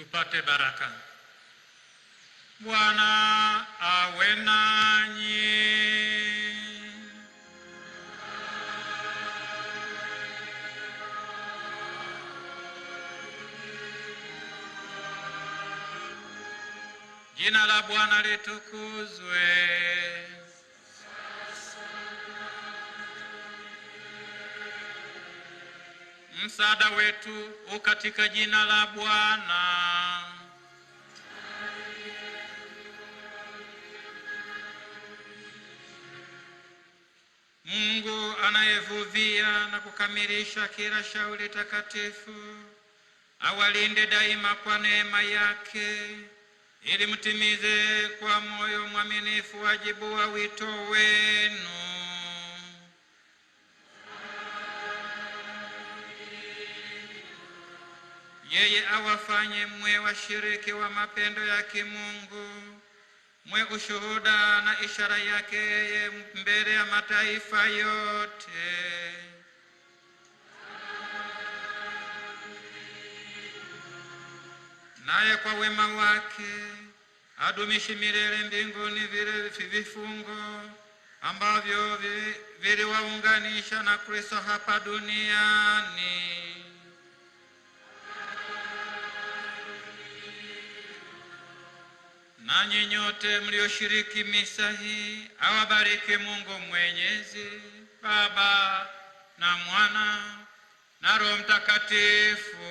tupate baraka. Bwana awe nanyi. Jina la Bwana litukuzwe. Msaada wetu u katika jina la Bwana. Mungu anayevuvia na kukamilisha kila shauri takatifu, awalinde daima kwa neema yake, ili mtimize kwa moyo mwaminifu wajibu wa wito wenu. yeye awafanye mwe washiriki wa mapendo ya kimungu, mwe ushuhuda na ishara yake yeye mbele ya mataifa yote. Naye kwa wema wake adumishi milele mbinguni vile vifungo ambavyo viliwaunganisha na Kristo hapa duniani. Nanyi nyote mlioshiriki misa hii awabariki Mungu Mwenyezi, Baba na Mwana na Roho Mtakatifu.